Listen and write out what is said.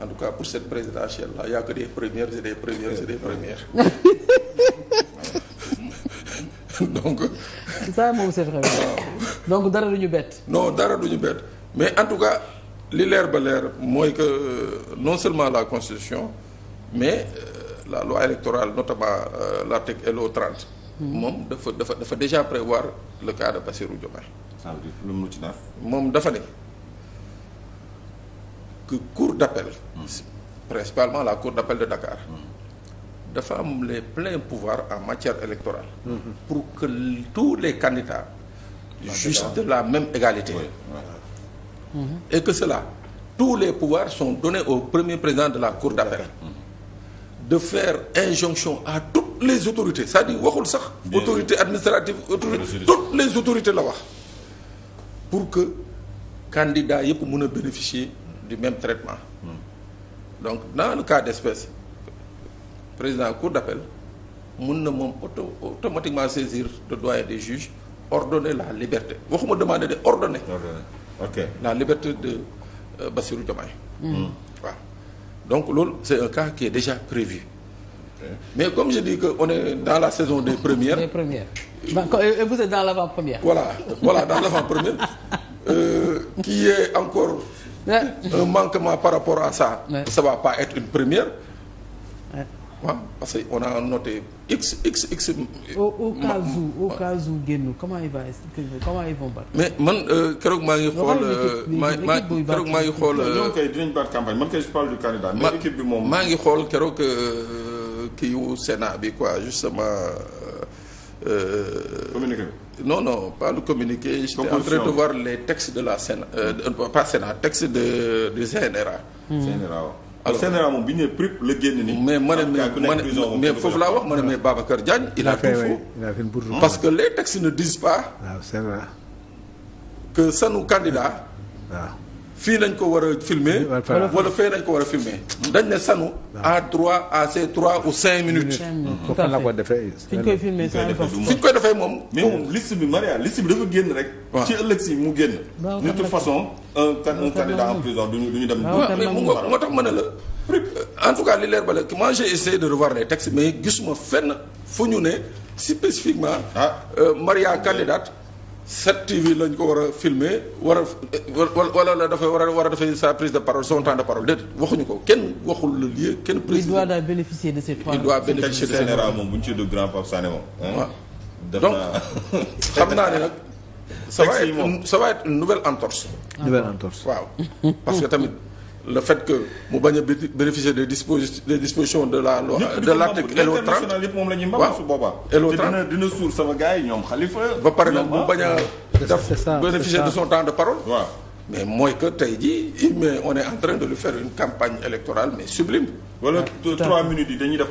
en tout cas pour cette présidentielle là y a que des premières et des premières et des premières. donc. ça moom c'est vrai donc dara du ñu bett. no dara du ñu bett mais en tout cas li leer ba leer mooy que euh, non seulement la constitution mais euh, la loi électorale notamment euh, l'article LO 30. Hmm. moom dafa dafa dafa déjà prévoir le cas de Bassirou Diomaye. moom dafa ne. que cour d'appel principalement la cour d'appel de Dakar dafa am les pleins pouvoirs en matière électorale pour que tous les candidats jouissent de la même égalité et que cela tous les pouvoirs sont donnés au premier président de la cour d'appel de faire injonction à toutes les autorités c'est-à-dire waxul sax autorité administrative toutes les autorités la wax pour que candidats yëpp mën a bénéficier du même traitement donc dans le cas d'espèce président cour d'appel mun na moom auto automatiquement saisir le doyen des juges ordonner la liberté waxuma demander de ordonner la liberté de euh, Bassirou mm. Mm. donc loolu c'est un cas qui est déjà prévu mais comme je dis que on est dans la saison des premières des premières et vous êtes dans l'avant-première euh, qui est encore un manquement par rapport à ça. ça va pas être waaw parce que on a noté x x x. au au cas où au cas où génn comment il va mais man euh, keroog maa ngi xool. Euh, maa maa keroog maa ngi xool. ñoom euh, kay dinañ battre campagne man kay je parle du candidat. mais équipe maa ngi xool keroog kii wu Sénat bi quoi justement. communiqué. non non pas le communiqué. j'étais en train de voir les textes de la Sénat euh, pas Sénat texte de du CNRA. Hmm. moom bi ñu prip la génn nii. mais ma ne mais foofu laa wax ma ne mais Babacar Diagne. il a tout faux hmm. parce que les textes ne disent pas. waaw c'est que sanu candidat. fii lañ ko war a filmer wala fee lañ ko war a filmer dañ ne sanu à trois à ces trois ou cinq minutes. Mm-hmm. defee. fi ñu koy filmer fi koy defee moom. mais moom liste bi Maria liste bi dafa génn rek. ci ëllëg si mu génn. de toute façon un en prison du ñu du ñu dem. mais mu nga moo tax ma ne la. en tout cas li leer ba la moi j'ai essayé de revoir les textes mais gisuma fenn fu ñu ne spécifiquement. Ah. Euh, Maria candidate. cette TV lañ ko war a filmer war a wala la dafay war a war a dafay sa prise de parole son temps de parole déet waxuñu ko kenn waxul le lieu kenn. président il doit bénéficier de ces trois. de ces trois moom bu ñu ciy donc xam naa ne nag. ça va être ça va être une nouvelle entorse. nouvelle entorse waaw parce que tamit. le fait que mu bañ a bénéficier des dispositions de la loi de l'article LO 30 waaw su boobaa LO 30 dina suur sama gars ñoom Khalifa ba pare nag mu bañ a def bénéficier de son temps de parole mais mooy que tey jii mais on est en train de lui faire une campagne électorale mais sublime wala trois minutes yi dañuy def